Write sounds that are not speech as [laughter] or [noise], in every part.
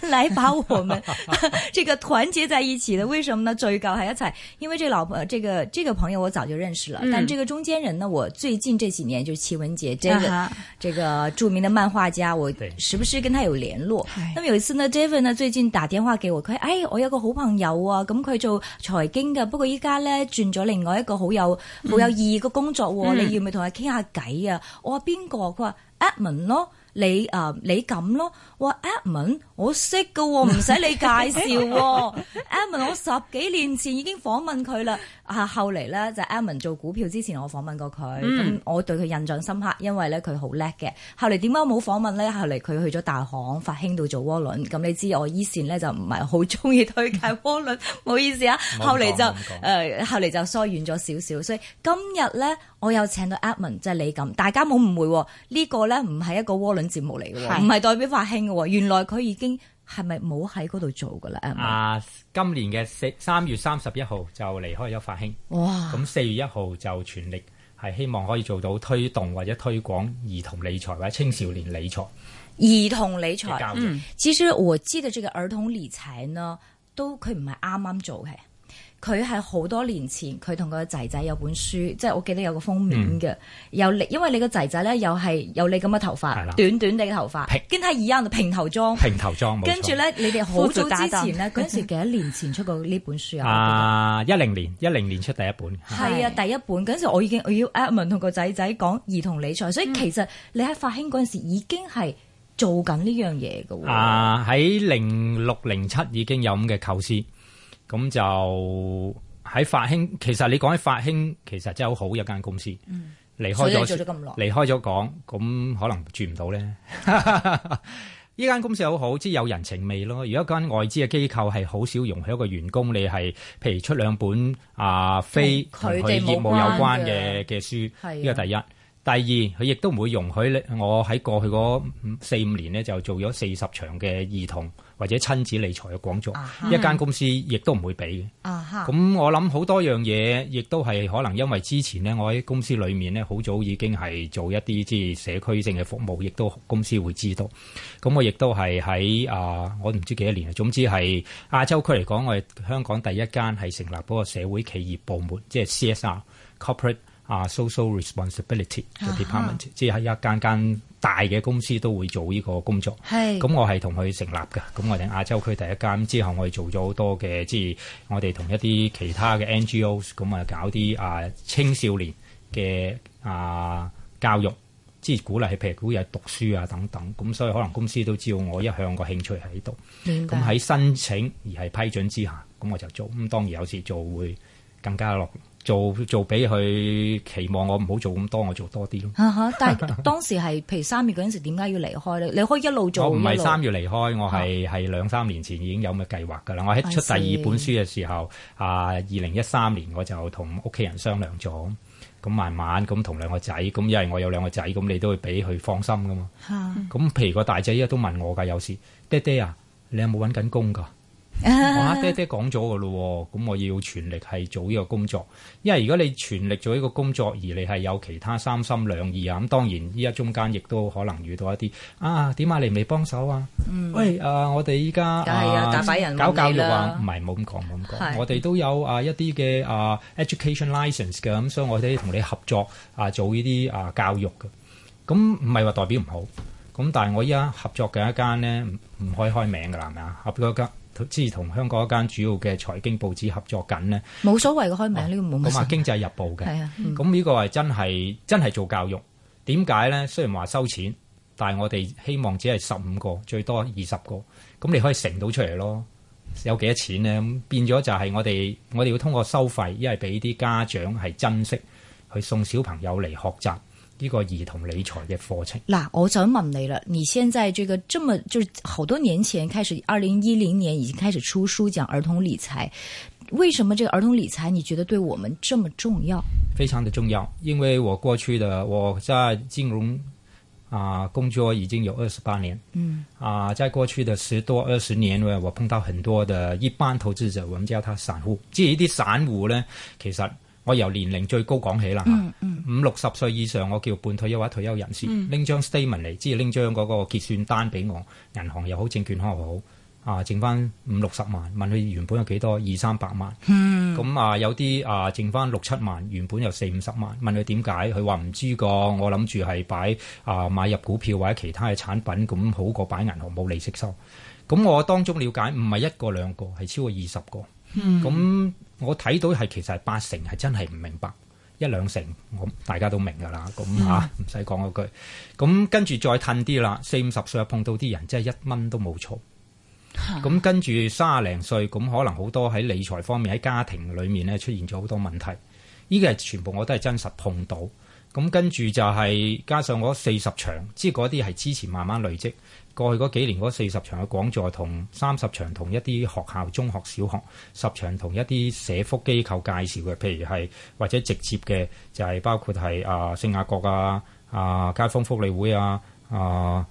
[laughs] 來把我們 [laughs] [laughs] 這個團結在一起的，為什麼呢？聚舊係一齊，因為這個老婆這個這個朋友我早就認識了，嗯、但這個中間人呢，我最近這幾年就是戚文杰，這個、嗯、這個著名的漫畫家，我時不時跟他有聯絡。那麼有一次呢 [laughs] ，David 呢最近打電話給我，佢話：哎，我有個好朋友啊，咁佢、哎啊、做財經㗎，不過依家呢轉咗另外一個好有、嗯、好有意義嘅工作，你要唔要同佢傾下偈啊？我話邊個？佢話 Edmond 咯，你啊、呃，你咁咯。話 Adam，我識噶，唔使你介紹、啊。Adam 我十幾年前已經訪問佢啦。啊，後嚟咧就是、Adam 做股票之前我訪、嗯嗯，我訪問過佢，咁我對佢印象深刻，因為咧佢好叻嘅。後嚟點解冇訪問咧？後嚟佢去咗大行，發興度做窩輪。咁你知我以前咧就唔係好中意推介窩輪，唔 [laughs] 好意思啊。後嚟就誒、呃，後嚟就疏遠咗少少。所以今日咧，我有請到 Adam 即係你咁，大家冇誤會呢、這個咧，唔係一個窩輪節目嚟嘅，唔係的代表發興。原來佢已經係咪冇喺嗰度做噶啦？啊，今年嘅四三月三十一號就離開咗發興，哇！咁四月一號就全力係希望可以做到推動或者推廣兒童理財或者青少年理財。兒童理財，嗯，其實我知道這個兒童理財呢，都佢唔係啱啱做嘅。佢係好多年前，佢同個仔仔有本書，即係我記得有個封面嘅。因為你個仔仔咧，又係有你咁嘅頭髮，短短嘅頭髮，跟喺耳音平頭裝。平頭裝，跟住咧，你哋好早之前咧，嗰陣時幾多年前出過呢本書啊？啊，一零年，一零年出第一本。係啊，第一本嗰陣時，我已經我要 Adam 同個仔仔講兒童理財，所以其實你喺發興嗰陣時已經係做緊呢樣嘢㗎喎。啊，喺零六零七已經有咁嘅構思。咁就喺法興，其實你講起法興，其實真係好好一間公司。嗯、離開咗，離開咗港，咁可能轉唔到咧。呢 [laughs] 間 [laughs] [laughs] 公司好好，即係有人情味咯。如果一間外資嘅機構係好少容許一個員工，你係譬如出兩本啊非同佢業務有關嘅嘅書，呢個的第一。第二，佢亦都唔會容許咧。我喺過去嗰四五年呢就做咗四十場嘅兒童或者親子理財嘅講座。Uh huh. 一間公司亦都唔會俾。啊咁、uh huh. 我諗好多樣嘢，亦都係可能因為之前呢，我喺公司裏面呢，好早已經係做一啲即係社區性嘅服務，亦都公司會知道。咁我亦都係喺啊，我唔知幾多年。總之係亞洲區嚟講，我哋香港第一間係成立嗰個社會企業部門，即係 CSR corporate。Social ibility, 啊，social responsibility department，即係喺一間間大嘅公司都會做呢個工作。係是，咁我係同佢成立嘅。咁我哋亞洲區第一間。之後我哋做咗好多嘅，即係我哋同一啲其他嘅 NGOs，咁啊搞啲啊青少年嘅啊教育，即係鼓勵譬如鼓勵讀書啊，等等。咁所以可能公司都知道我一向個興趣喺度。咁喺白申請而係批准之下，咁我就做。咁當然有時做會更加落。做做俾佢期望我唔好做咁多，我做多啲咯。 [laughs] 但係當時係譬如三月嗰陣時，點解要離開咧？你可以一路做。我唔係三月離開，是我係係兩三年前已經有嘅計劃㗎啦。我喺出第二本書嘅時候，啊是，二零一三年我就同屋企人商量咗。咁慢慢咁同兩個仔，咁因為我有兩個仔，咁你都會俾佢放心㗎嘛。咁是譬如個大仔依家都問我㗎，有時爹爹啊，你有冇揾緊工㗎？我阿、 [laughs] 哦、爹爹講咗噶咯，咁我要全力係做呢個工作，因為如果你全力做呢個工作，而你係有其他三心兩意，咁當然依家中間亦都可能遇到一啲啊，點啊，你未幫手啊？嗯、喂，啊，我哋依家啊，大把人搞教育啊，唔係冇咁講冇咁講，的我哋都有一啊一啲嘅啊 education license 嘅，咁所以我哋同你合作啊做呢啲啊教育嘅，咁唔係話代表唔好，咁但係我依家合作嘅一間咧唔唔可以開名噶啦，係咪啊？合作一間。之前同香港一間主要嘅財經報紙合作緊呢，冇所謂嘅，開名呢個冇乜事。咁啊、哦，《經濟日報》嘅，咁、嗯、呢個係真係真係做教育。點解咧？雖然話收錢，但係我哋希望只係十五個，最多二十個，咁你可以成到出嚟咯。有幾多錢咧？咁變咗就係我哋我哋要通過收費，因為俾啲家長係珍惜去送小朋友嚟學習。呢個兒童理財嘅課程嗱，我想問你啦，你現在這個這麼就是好多年前開始，二零一零年已經開始出書講兒童理財，為什麼這個兒童理財，你覺得對我們這麼重要？非常的重要，因為我過去的我在金融啊、呃、工作已經有二十八年，嗯啊、呃，在過去的十多二十年咧，我碰到很多的一般投資者，我們叫他散戶，即係一啲散戶呢，其實。我由年齡最高講起啦，五六十歲以上，我叫半退休或退休人士，拎、嗯、張 statement 嚟，即係拎張嗰個結算單俾我，銀行又好，證券又好，啊、呃，剩翻五六十萬，問佢原本有幾多，二三百萬，咁啊、嗯呃、有啲啊、呃、剩翻六七萬，原本有四五十萬，問佢點解，佢話唔知個，我諗住係擺啊、呃、買入股票或者其他嘅產品，咁好過擺銀行冇利息收，咁我當中了解唔係一個兩個，係超過二十個。咁、嗯、我睇到，係其實係八成係真係唔明白，一兩成我大家都明噶啦，咁吓唔使講嗰句。咁跟住再褪啲啦，四五十歲就碰到啲人真係一蚊都冇儲。咁跟住卅零歲，咁可能好多喺理財方面喺家庭裏面咧出現咗好多問題，呢個係全部我都係真實碰到。咁跟住就係加上嗰四十場，即係嗰啲係之前慢慢累積過去嗰幾年嗰四十場嘅講座同三十場同一啲學校、中學、小學十場同一啲社福機構介紹嘅，譬如係或者直接嘅就係、是、包括係啊聖雅各啊啊街坊福利會啊啊。呃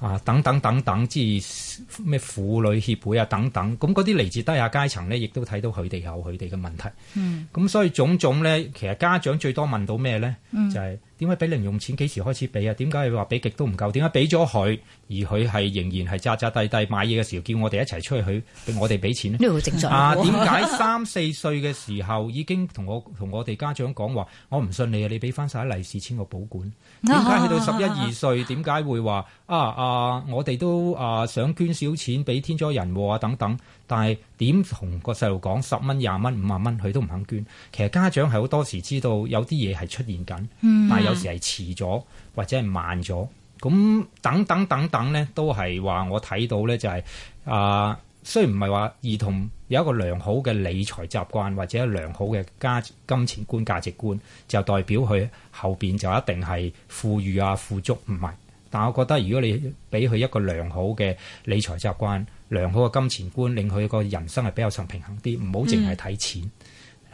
啊，等等等等即係咩婦女協會啊，等等，咁嗰啲嚟自低下階層咧，亦都睇到佢哋有佢哋嘅問題。嗯，咁所以種種咧，其實家長最多問到咩咧，嗯、就係、是。點解俾零用錢？幾時開始俾啊？點解你話俾極都唔夠？點解俾咗佢而佢係仍然係扎扎低低買嘢嘅時候，叫我哋一齊出去去俾我哋俾錢呢？呢個正常啊？點解三四歲嘅時候已經同我同我哋家長講話，我唔信你啊！你俾翻晒利是錢我保管。點解去到十一二歲，點解會話啊啊？我哋都啊想捐少錢俾天災人禍啊等等，但係。點同個細路講十蚊、廿蚊、五萬蚊，佢都唔肯捐。其實家長係好多時知道有啲嘢係出現緊，嗯啊、但係有時係遲咗或者係慢咗。咁等等等等咧，都係話我睇到咧就係、係、啊、呃，雖然唔係話兒童有一個良好嘅理財習慣或者良好嘅家金錢觀價值觀，就代表佢後面就一定係富裕啊富足，唔係。但我覺得，如果你俾佢一個良好嘅理財習慣、良好嘅金錢觀，令佢個人生係比較上平衡啲，唔好淨係睇錢，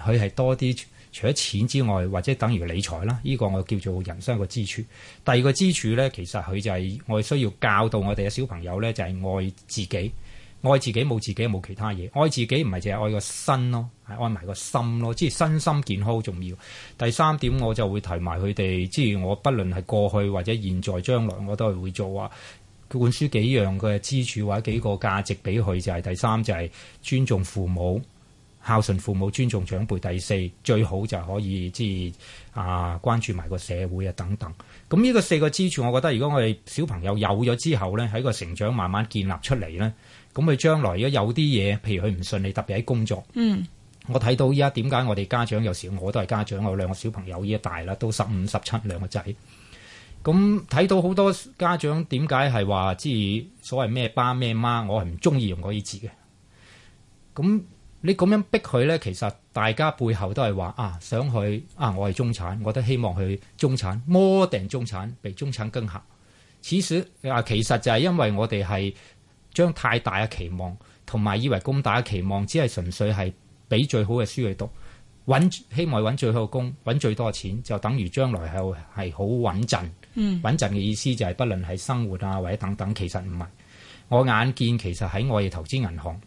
佢係、嗯、多啲除咗錢之外，或者等於理財啦。呢、這個我叫做人生個支柱。第二個支柱呢，其實佢就係、是、我需要教導我哋嘅小朋友呢，就係、是、愛自己。愛自己冇自己冇其他嘢，愛自己唔係淨係愛個身咯，係愛埋個心咯，即係身心健康好重要。第三點我就會提埋佢哋，即係我不論係過去或者現在將來，我都係會做啊，佢灌輸幾樣嘅支柱或者幾個價值俾佢，就係第三就係尊重父母。孝順父母、尊重長輩，第四最好就可以即係啊關注埋個社會啊等等。咁呢個四個支柱，我覺得如果我哋小朋友有咗之後咧，喺個成長慢慢建立出嚟咧，咁佢將來如果有啲嘢，譬如佢唔順利，特別喺工作，嗯，我睇到而家點解我哋家長有時我都係家長，我兩個小朋友依家大啦，都十五十七兩個仔，咁睇到好多家長點解係話即係所謂咩爸咩媽，我係唔中意用嗰啲字嘅，咁。你咁樣逼佢咧，其實大家背後都係話啊，想去啊，我係中產，我都希望去中產，摩定中產被中產更合。此時啊，其實就係因為我哋係將太大嘅期望，同埋以為咁大嘅期望，只係純粹係俾最好嘅書去讀，揾希望揾最好嘅工，揾最多錢，就等於將來係係好穩陣。穩陣嗯，穩陣嘅意思就係、是，不論係生活啊或者等等，其實唔係。我眼見其實喺我哋投資銀行。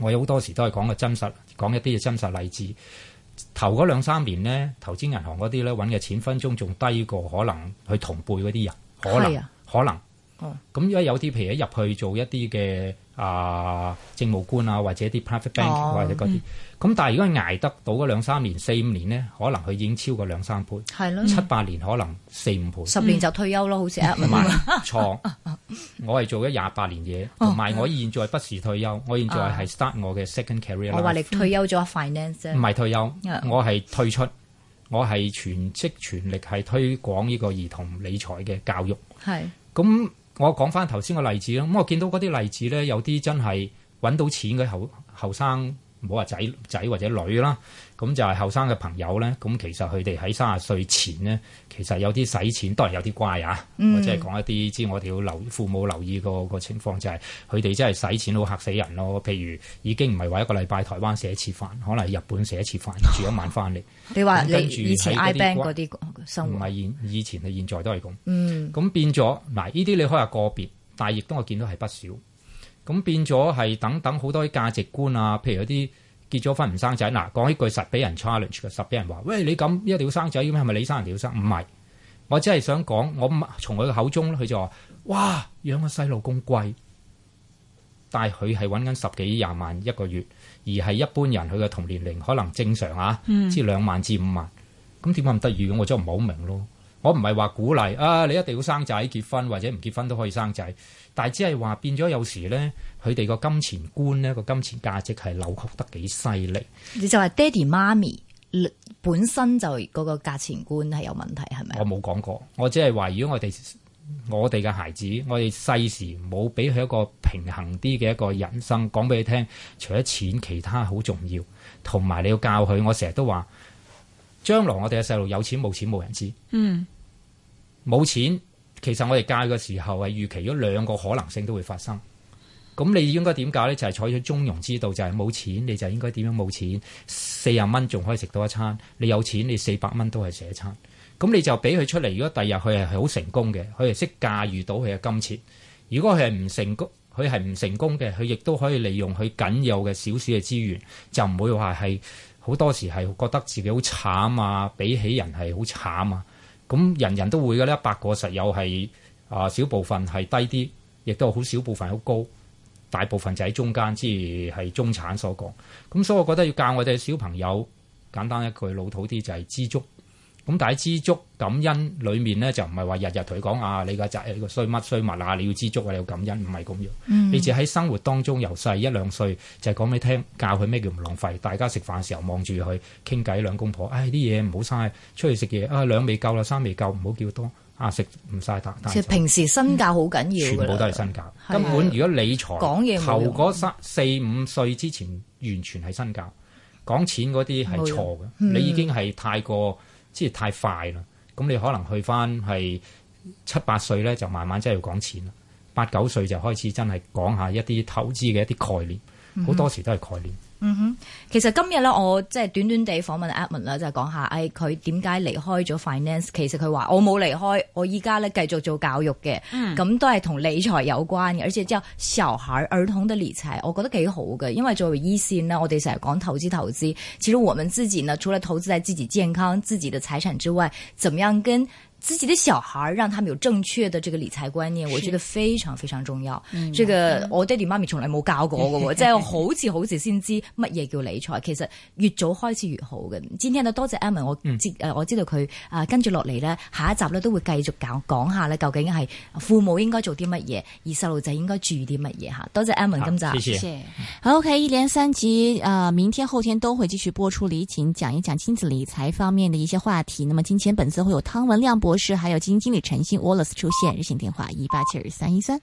我有好多時都係講個真實，講一啲真實例子。頭嗰兩三年咧，投資銀行嗰啲咧揾嘅錢，分鐘仲低過可能去同輩嗰啲人，可能、啊、可能。哦、嗯，咁因為有啲譬如一入去做一啲嘅啊政務官啊，或者一啲 private bank 或者嗰啲。嗯咁但係如果捱得到嗰兩三年、四五年呢，可能佢已經超過兩三倍，七八年可能四五倍，十年就退休咯，好似唔錯。我係做咗廿八年嘢，同埋我現在不時退休，我現在係 start 我嘅 second career。我話你退休咗 finance，唔係退休，我係退出，我係全職全力係推廣呢個兒童理財嘅教育。咁我講翻頭先個例子咯。咁我見到嗰啲例子咧，有啲真係揾到錢嘅後後生。唔好話仔仔或者女啦，咁就係後生嘅朋友咧，咁其實佢哋喺卅歲前咧，其實有啲使錢，當然有啲怪啊，即係、嗯、講一啲，知我哋要留父母留意個情況，就是，就係佢哋真係使錢好嚇死人咯。譬如已經唔係話一個禮拜台灣食一次飯，可能日本食一次飯，住一晚翻嚟。 [laughs] 你話你以前 I band 嗰啲生活，唔係現以前嘅現在都係咁。嗯，咁變咗嗱，呢啲你可以話個別，但係亦都我見到係不少。咁變咗係等等好多啲價值觀啊，譬如嗰啲結咗婚唔生仔嗱，講起句實俾人 challenge 嘅，實俾人話：喂，你咁一定要生仔嘅咩？係咪你生人哋要生？唔係，我只係想講，我從佢嘅口中，佢就話：哇，養個細路咁貴，但係佢係揾緊十幾廿萬一個月，而係一般人佢嘅同年齡可能正常啊，即係兩萬至五萬咁，點解咁得意？我真係唔係好明咯。我唔係話鼓勵啊，你一定要生仔結婚，或者唔結婚都可以生仔，但係只係話變咗有時咧，佢哋個金錢觀咧，個金錢價值係扭曲得幾犀利。你就話爹哋媽咪本身就嗰個價錢觀係有問題，係咪？我冇講過，我只係話如果我哋我哋嘅孩子，我哋細時冇俾佢一個平衡啲嘅一個人生，講俾你聽，除咗錢，其他好重要，同埋你要教佢。我成日都話，將來我哋嘅細路有錢冇錢冇人知。嗯。冇錢，其實我哋教嘅時候係預期咗兩個可能性都會發生。咁你應該點教呢？就係、是、採取中庸之道，就係、是、冇錢你就應該點樣冇錢？四十蚊仲可以食到一餐。你有錢你四百蚊都係食一餐。咁你就俾佢出嚟。如果第日佢係好成功嘅，佢係識駕馭到佢嘅金錢。如果佢係唔成功，佢係唔成功嘅，佢亦都可以利用佢僅有嘅少少嘅資源，就唔會話係好多時係覺得自己好慘啊，比起人係好慘啊。咁人人都會嘅呢，一百個實有係啊，小部分係低啲，亦都好少部分好高，大部分就喺中間，即係中產所講。咁所以，我覺得要教我哋小朋友簡單一句老土啲就係知足。咁，但係知足感恩裏面咧，就唔係話日日同佢講啊，你個仔個衰乜衰物啊，你要知足啊，你要感恩，唔係咁樣。嗯，你只喺生活當中由細一兩歲就係講俾你聽，教佢咩叫唔浪費。大家食飯嘅時候望住佢傾偈，兩公婆，唉，啲嘢唔好嘥，出去食嘢啊，兩味夠啦，三味夠，唔好叫多啊，食唔晒得。其實平時身教好緊要，全部都係身教，根本如果理財，頭嗰三四五歲之前完全係身教，講錢嗰啲係錯嘅，你已經係太過。即係太快啦，咁你可能去返係七八歲咧，就慢慢真係要講錢啦。八九歲就開始真係講下一啲投資嘅一啲概念，好多時都係概念。嗯哼，其實今日咧，我即係短短地訪問 Adam 咧，就係講下，哎，佢點解離開咗 finance？其實佢話我冇離開，我依家咧繼續做教育嘅，咁、嗯、都係同理財有關嘅，而且之後小孩兒童的理財，我覺得幾好嘅，因為作為醫線呢，我哋成日講投資投資，其實我們自己呢，除咗投資喺自己健康、自己嘅財產之外，怎麼樣跟？自己的小孩讓他們有正確的這個理財觀念，是我覺得非常非常重要。嗯、這個、嗯、我爹哋媽咪從來冇教過我，即係 [laughs] 好遲好遲先知乜嘢叫理財。 [laughs] 其實越早開始越好嘅。今天呢，多謝阿文，我知誒，我知道佢啊、呃，跟住落嚟呢，下一集呢都會繼續講講下呢究竟，係父母應該做啲乜嘢，而細路仔應該注意啲乜嘢吓。多謝阿文好，今集。謝謝。好，OK，一連三集啊、呃，明天後天都會繼續播出，李錦講一講親子理財方面的一些話題。那麼今天本次會有湯文亮。博士，還有基金經理陳星沃勒斯出現，熱線電話一八七二三一三。